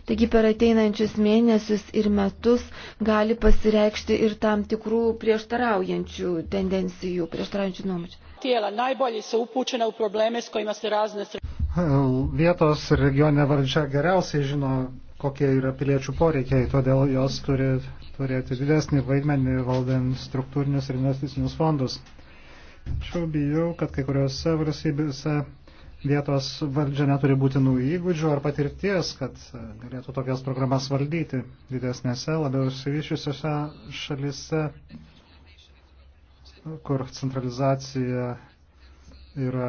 Taigi per ateinančius mėnesius ir metus gali pasireikšti ir tam tikrų prieštaraujančių tendencijų, prieštaraujančių nuomončių. Tiela najbolji su upućena u probleme s kojima se razne... E, vietos regioninė valdžia geriausiai žino, kokie yra piliečių poreikiai, todėl jos turi turėti didesnį vaidmenį valdant struktūrinius ir investicinius fondus. Tačiau bijau, kad kai kuriuose valstybėse vietos valdžia neturi būtinų įgūdžių ar patirties, kad galėtų tokias programas valdyti. Didesnėse, labiau išsivyščiusiose šalise kur centralizacija yra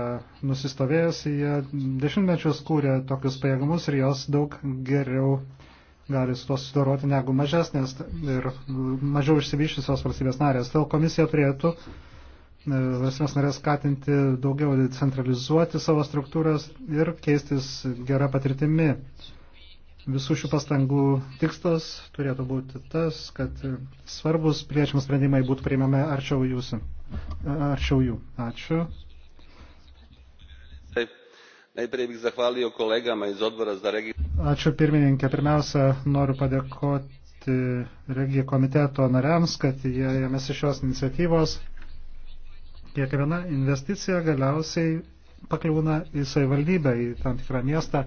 nusistovėjusi, jie dešimtmečius kūrė tokius pajėgumus ir jos daug geriau gali su to susidoroti negu mažesnės ir mažiau išsivyščiusios valstybės narės. Todėl komisija turėtų e, valstybės narės skatinti daugiau centralizuoti savo struktūras ir keistis gerą patirtimi Visų šių pastangų tikslas turėtų būti tas, kad svarbus priečiams sprendimai būtų priimami arčiau jūsų. Arčiau jų. Ačiū. Ačiū pirmininkė. Pirmiausia, noriu padėkoti regijų komiteto nariams, kad jie ėmėsi šios iniciatyvos. Kiekviena investicija galiausiai pakliūna į savivaldybę, į tam tikrą miestą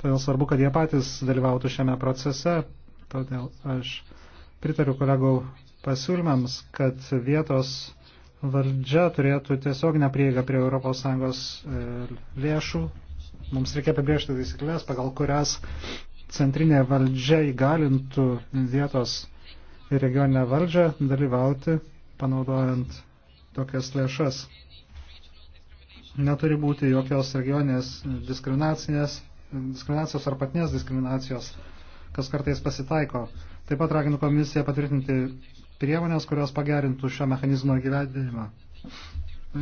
Todėl svarbu, kad jie patys dalyvautų šiame procese. Todėl aš pritariu kolegų pasiūlymams, kad vietos valdžia turėtų tiesiog neprieigą prie ES e, lėšų. Mums reikia apibriežti taisyklės, pagal kurias centrinė valdžia įgalintų vietos ir regioninę valdžią dalyvauti, panaudojant tokias lėšas. Neturi būti jokios regioninės diskriminacinės diskriminacijos ar patinės diskriminacijos, kas kartais pasitaiko. Taip pat raginu komisiją patvirtinti priemonės, kurios pagerintų šio mechanizmo gyvendinimą.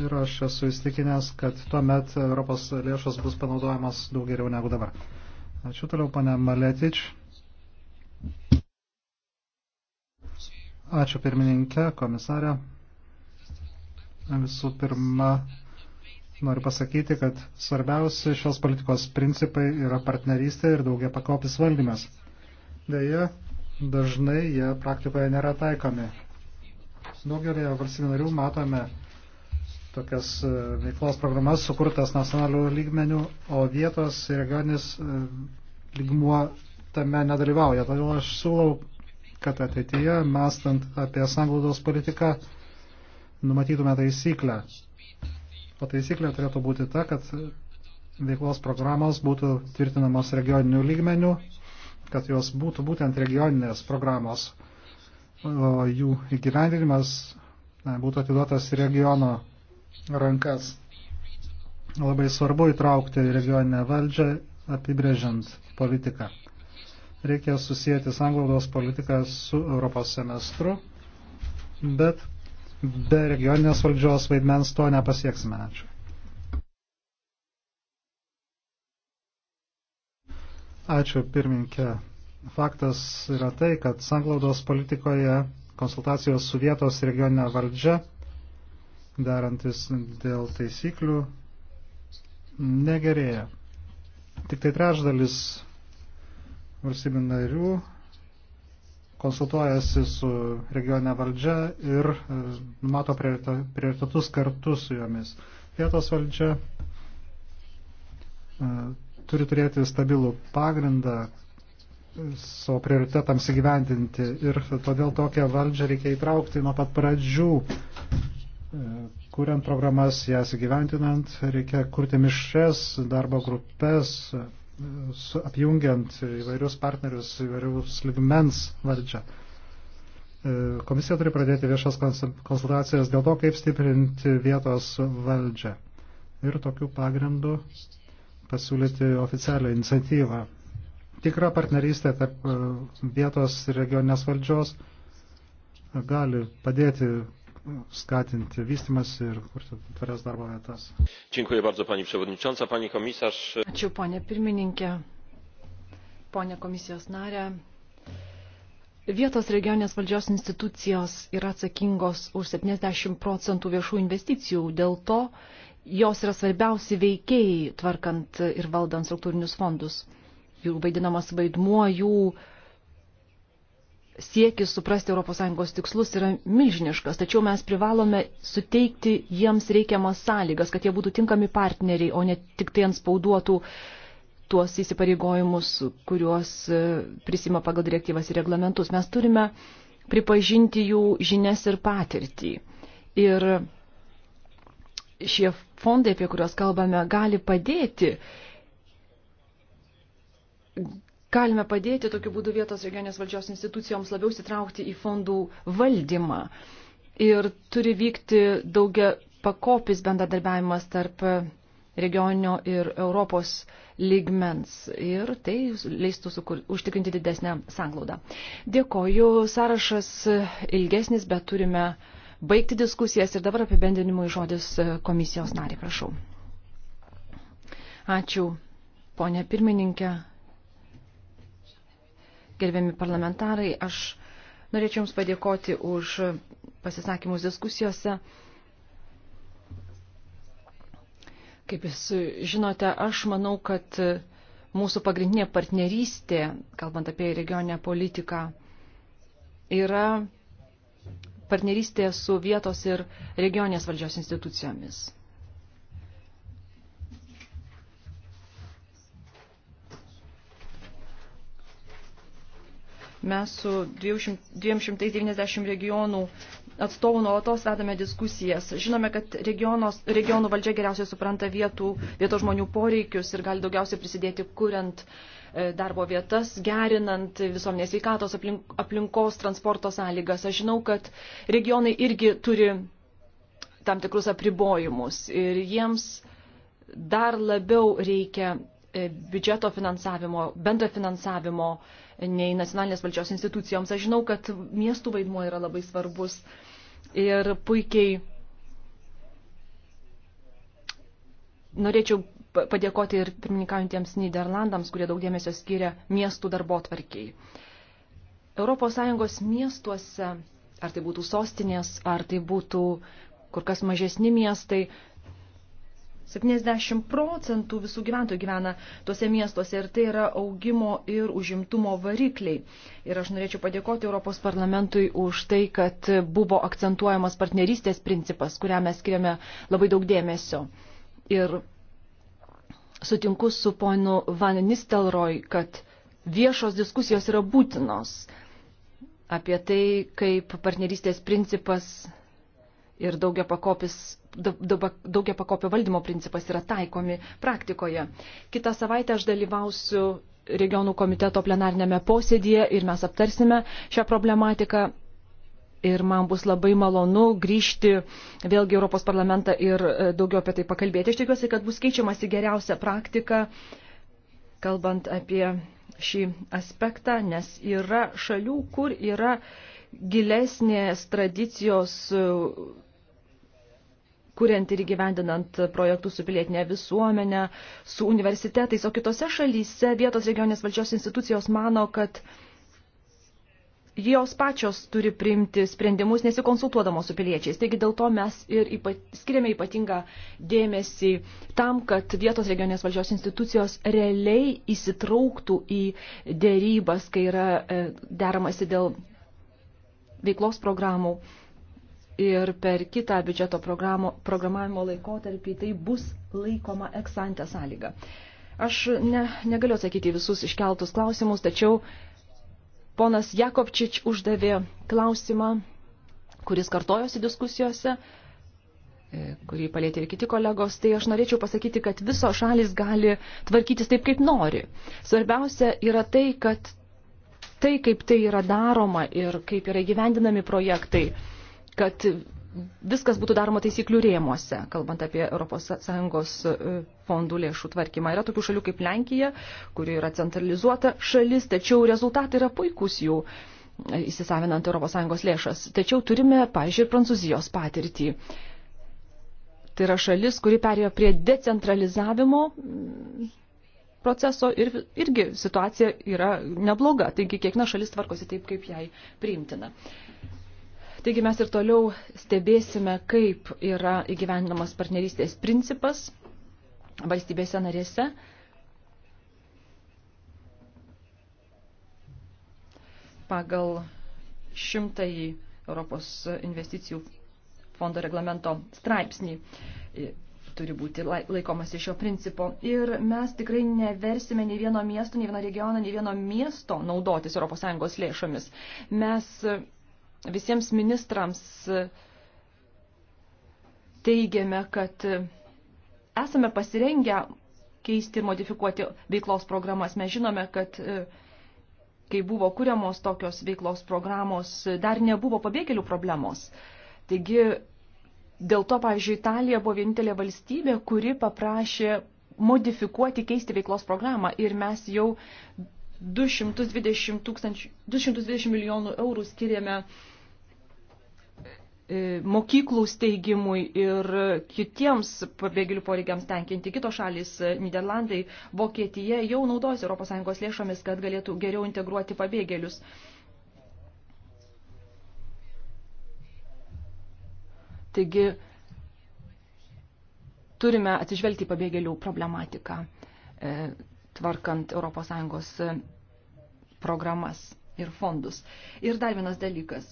Ir aš esu įstikinęs, kad tuo met Europos lėšos bus panaudojamas daug geriau negu dabar. Ačiū toliau, pane Maletič. Ačiū pirmininkė, komisarė. Visų pirma, noriu pasakyti, kad svarbiausi šios politikos principai yra partnerystė ir daugia pakopis valdymas. Deja, dažnai jie praktikoje nėra taikomi. Daugelėje valstybių narių matome tokias e, veiklos programas sukurtas nacionalių lygmenių, o vietos ir regionis e, lygmuo tame nedalyvauja. Todėl aš siūlau, kad ateityje, mastant apie sanglaudos politiką, numatytume taisyklę O taisyklė turėtų būti ta, kad veiklos programos būtų tvirtinamos regioninių lygmenių, kad jos būtų būtent regioninės programos, o jų įgyvendinimas būtų atiduotas regiono rankas. Labai svarbu įtraukti regioninę valdžią, apibrėžiant politiką. Reikia susijęti sanglaudos politiką su Europos semestru, bet be regioninės valdžios vaidmens to nepasieksime. Ačiū. Ačiū pirminkė. Faktas yra tai, kad sanglaudos politikoje konsultacijos su vietos regioninė valdžia, darantis dėl taisyklių, negerėja. Tik tai trečdalis valstybių narių konsultuojasi su regione valdžia ir e, numato prioritetus kartu su jomis. Vietos valdžia e, turi turėti stabilų pagrindą e, savo prioritetams įgyvendinti ir todėl tokią valdžią reikia įtraukti nuo pat pradžių kuriant programas, jas įgyventinant, reikia kurti mišres, darbo grupės, apjungiant įvairius partnerius, įvairius ligmens valdžią. E, komisija turi pradėti viešas konsultacijas dėl to, kaip stiprinti vietos valdžią. Ir tokiu pagrindu pasiūlyti oficialią iniciatyvą. Tikra partnerystė tarp e, vietos ir regioninės valdžios gali padėti skatinti vystimas ir kurti tvarias darbo vietas. Dziękuję bardzo, pani przewodnicząca, pani komisarz. Ačiū, ponė pirmininkė, ponė komisijos narė. Vietos regioninės valdžios institucijos yra atsakingos už 70 procentų viešų investicijų, dėl to jos yra svarbiausi veikėjai tvarkant ir valdant struktūrinius fondus. Jų vaidinamas vaidmuo, jų siekis suprasti ES tikslus yra milžiniškas, tačiau mes privalome suteikti jiems reikiamas sąlygas, kad jie būtų tinkami partneriai, o ne tik tai ant spauduotų tuos įsipareigojimus, kuriuos e, prisima pagal direktyvas ir reglamentus. Mes turime pripažinti jų žinias ir patirtį. Ir šie fondai, apie kuriuos kalbame, gali padėti galime padėti tokiu būdu vietos regionės valdžios institucijoms labiau sitraukti į fondų valdymą. Ir turi vykti daugia pakopis bendradarbiavimas tarp regioninio ir Europos lygmens ir tai leistų sukur, užtikrinti didesnę sanglaudą. Dėkoju, sąrašas ilgesnis, bet turime baigti diskusijas ir dabar apibendinimui žodis komisijos nariai, prašau. Ačiū, ponė pirmininkė, gerbiami parlamentarai, aš norėčiau Jums padėkoti už pasisakymus diskusijose. Kaip Jūs žinote, aš manau, kad mūsų pagrindinė partnerystė, kalbant apie regioninę politiką, yra partnerystė su vietos ir regionės valdžios institucijomis. Mes su 290 regionų atstovų nuolatos vedame diskusijas. Žinome, kad regionos, regionų valdžia geriausiai supranta vietų, vietos žmonių poreikius ir gali daugiausiai prisidėti kuriant e, darbo vietas, gerinant visuomenės veikatos aplink, aplinkos transporto sąlygas. Aš žinau, kad regionai irgi turi tam tikrus apribojimus ir jiems dar labiau reikia e, biudžeto finansavimo, bendro finansavimo, uh, nei nacionalinės valdžios institucijoms. Aš žinau, kad miestų vaidmuo yra labai svarbus ir puikiai norėčiau padėkoti ir pirmininkaujantiems Niderlandams, kurie daug dėmesio skiria miestų darbo tvarkiai. ES miestuose, ar tai būtų sostinės, ar tai būtų kur kas mažesni miestai, 70 procentų visų gyventojų gyvena tuose miestuose ir tai yra augimo ir užimtumo varikliai. Ir aš norėčiau padėkoti Europos parlamentui už tai, kad buvo akcentuojamas partnerystės principas, kuriam mes skiriame labai daug dėmesio. Ir sutinku su ponu Van Nistelroj, kad viešos diskusijos yra būtinos apie tai, kaip partnerystės principas ir daugia, pakopis, daugia pakopio valdymo principas yra taikomi praktikoje. Kitą savaitę aš dalyvausiu regionų komiteto plenarnėme posėdėje ir mes aptarsime šią problematiką. Ir man bus labai malonu grįžti vėlgi Europos parlamentą ir e, daugiau apie tai pakalbėti. Aš tikiuosi, kad bus keičiamasi geriausia praktika, kalbant apie šį aspektą, nes yra šalių, kur yra gilesnės tradicijos e, kuriant ir įgyvendinant projektus su pilietinė visuomenė, su universitetais, o kitose šalyse vietos regioninės valdžios institucijos mano, kad jos pačios turi priimti sprendimus nesikonsultuodamos su piliečiais. Taigi dėl to mes ir ypat, skiriame ypatingą dėmesį tam, kad vietos regioninės valdžios institucijos realiai įsitrauktų į dėrybas, kai yra e, deramasi dėl veiklos programų ir per kitą biudžeto programavimo laikotarpį tai bus laikoma eksantę sąlyga. Aš ne, negaliu atsakyti visus iškeltus klausimus, tačiau ponas Jakobčič uždavė klausimą, kuris kartojosi diskusijose, e, kurį palėtė ir kiti kolegos, tai aš norėčiau pasakyti, kad visos šalis gali tvarkytis taip, kaip nori. Svarbiausia yra tai, kad tai, kaip tai yra daroma ir kaip yra gyvendinami projektai, kad viskas būtų daroma taisyklių rėmuose, kalbant apie ES fondų lėšų tvarkymą. Yra tokių šalių kaip Lenkija, kuri yra centralizuota šalis, tačiau rezultatai yra puikūs jų e, įsisavinant ES lėšas. Tačiau turime, pažiūrėjau, Prancūzijos patirtį. Tai yra šalis, kuri perėjo prie decentralizavimo proceso ir, irgi situacija yra nebloga, taigi kiekviena šalis tvarkosi taip, kaip jai priimtina. Taigi mes ir toliau stebėsime, kaip yra įgyvendinamas partnerystės principas valstybėse narėse. Pagal šimtąjį Europos investicijų fondo reglamento straipsnį turi būti laikomasi šio principo. Ir mes tikrai neversime nei vieno miesto, nei vieno regiono, nei vieno miesto naudotis ES lėšomis. Mes e, visiems ministrams e, teigiame, kad e, esame pasirengę keisti ir modifikuoti veiklos programas. Mes žinome, kad kai buvo kuriamos tokios veiklos programos, dar nebuvo pabėgėlių problemos. Taigi Dėl to, pavyzdžiui, Italija buvo vienintelė valstybė, kuri paprašė modifikuoti, keisti veiklos programą ir mes jau 220, tūkstančių, 220 milijonų eurų skiriame e, mokyklų steigimui ir kitiems pabėgėlių poreikiams tenkinti. Kitos šalis, e, Niderlandai, Vokietija jau naudos ES lėšomis, kad galėtų geriau integruoti pabėgėlius. Taigi turime atsižvelgti į pabėgėlių problematiką, e, tvarkant ES e, programas ir fondus. Ir dar vienas dalykas.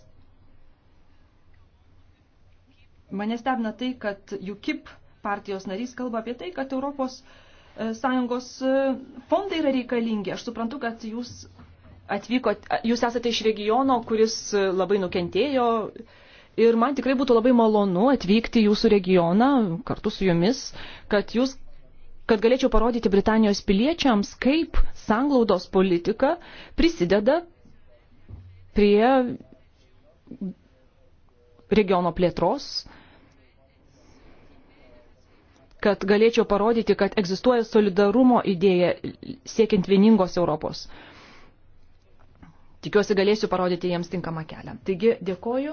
Mane stebina tai, kad UKIP partijos narys kalba apie tai, kad Europos e, Sąjungos fondai yra reikalingi. Aš suprantu, kad jūs atvykote, jūs esate iš regiono, kuris labai nukentėjo Ir man tikrai būtų labai malonu atvykti jūsų regioną kartu su jumis, kad, jūs, kad galėčiau parodyti Britanijos piliečiams, kaip sanglaudos politika prisideda prie regiono plėtros, kad galėčiau parodyti, kad egzistuoja solidarumo idėja siekiant vieningos Europos. Tikiuosi galėsiu parodyti jiems tinkamą kelią. Taigi dėkoju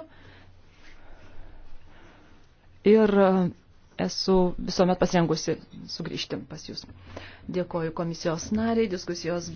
ir esu visuomet pasirengusi sugrįžti pas Jūs. Dėkoju komisijos nariai, diskusijos.